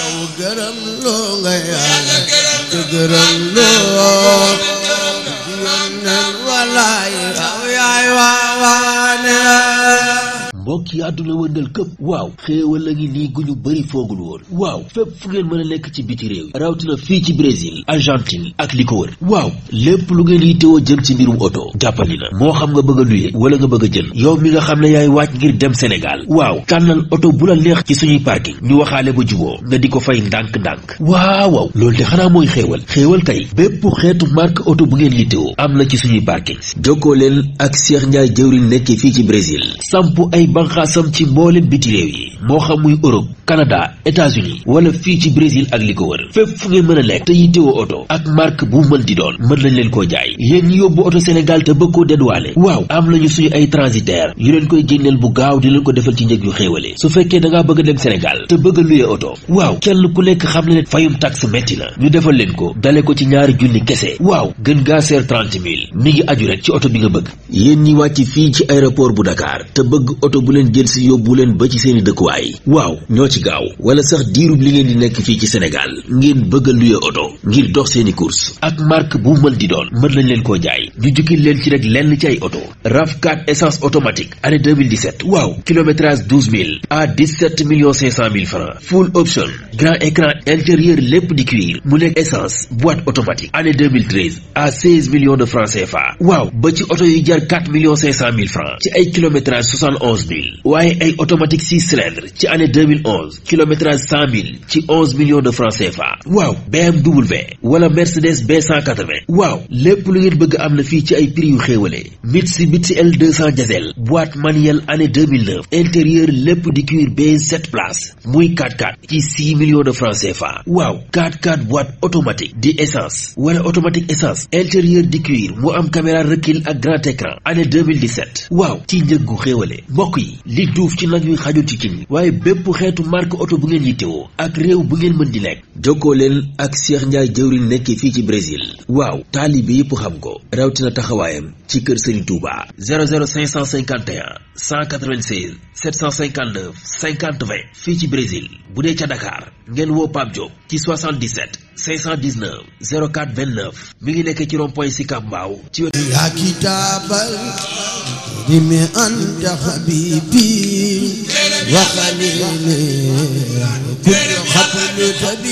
yow gërëm loo nga yàlla te gërëm loo mbokk yi àdduna wëndal këpp waaw xéewal a ngi nii gu ñu bëri foogul woon waaw fépp fu ngeen mën a nekk ci biti réew rawatina fii ci Brésil Argentine ak li ko wër waaw lépp lu ngeen yittewoo jën ci mbirum oto jàppandi na moo xam nga bëgg a luye wala nga bëgg a jënd yow mi nga xam ne yaay wàcc ngir dem Sénégal waaw tànnal oto bu la neex ci suñuy parking ñu waxaale ba juboo nga di ko fay ndànk-ndànk waaw waaw loolu de xanaa mooy xéewal xéewal kay bépp xeetu marque oto bu ngeen yittewoo am na ci suñuy parking jokkoo leen ak Cheikh Ndiaye jëwriñ nekk fii ci Brésil samp banqaasam ci mboolem biti réew yi moo xam muy Europe Canada États-Unis wala fii ci Brésil ak li ko wër fépp fu ngeen mën a nekk te yittewoo oto ak marque bu mën di doon mën nañ leen koo jaay yéen ñi yóbbu oto Sénégal te bëgg koo dédouaner waaw am nañu suñu ay transitaire yu leen koy génneel bu gaaw di leen ko defal ci njëg yu xéewale su fekkee da ngaa bëgg a dem Sénégal te bëgg a luye oto waaw kenn ku nekk xam na ne fayum taxe metti na ñu defal leen ko dale ko ci ñaari junni kese waaw gën gaa seer trente mille mi ngi aju rek ci oto bi nga bëgg yéen ñi wàcc fii ci aéroport bu Dakar te bëgg oto bu leen jël si yóbbu leen ba ci seeni dëkkuwaay waaw ci gaaw wala sax diirub li ngeen di nekk fii ci Sénégal ngeen bëgg a luye oto ngir dox seeni course ak marque bu mën di doon mën nañ leen koo jaay ñu jukkil leen ci rek lenn ci ay oto RAV4 essence automatique année waaw kilométrage 12000 à 17 francs full option grand écran intérieur lépp di cuir mu nekk essence boîte automatique année à 16 de francs CFA waaw ba ci oto yu jar 4 mille francs ci ay kilométrage mille waaye ay automatique 6 14 kilométrage 100000 ci 11 millions de francs CFA waaw BMW wala Mercedes B180 waaw lépp lu ngeen bëgg am na fii ci ay prix yu xéewale Mitsubishi L200 diesel boîte manuelle année 2009 intérieur lépp di cuir b 7 places muy 4x4 ci millions de francais fa waaw 4x4 boîte automatique di essence wala automatique essence intérieur di cuir mu am caméra recul ak grand écran année 2017 waaw ci njëggu xéewale mbokk yi li duuf ci nag yu xajul ci cin waaye bépp xeetu marque oto bu ngeen yittewoo ak réew bu ngeen mën di nekk jokkoo leen ak Cheikh Ndiaye jëwriñ nekkee fii ci Brésil waaw taalibe yépp xam ko rawatina taxawaayam ci kër Serigne Touba 00551 196 759 50 20 fii ci Brésil bu dee ca Dakar ngeen woo Pape Diop ci 77 519 04 29 mi ngi nekk ci rond-point Sicap Mbao ci wetu yaa kitaabal di mi anta habibi يا خليلي كل خطب تبي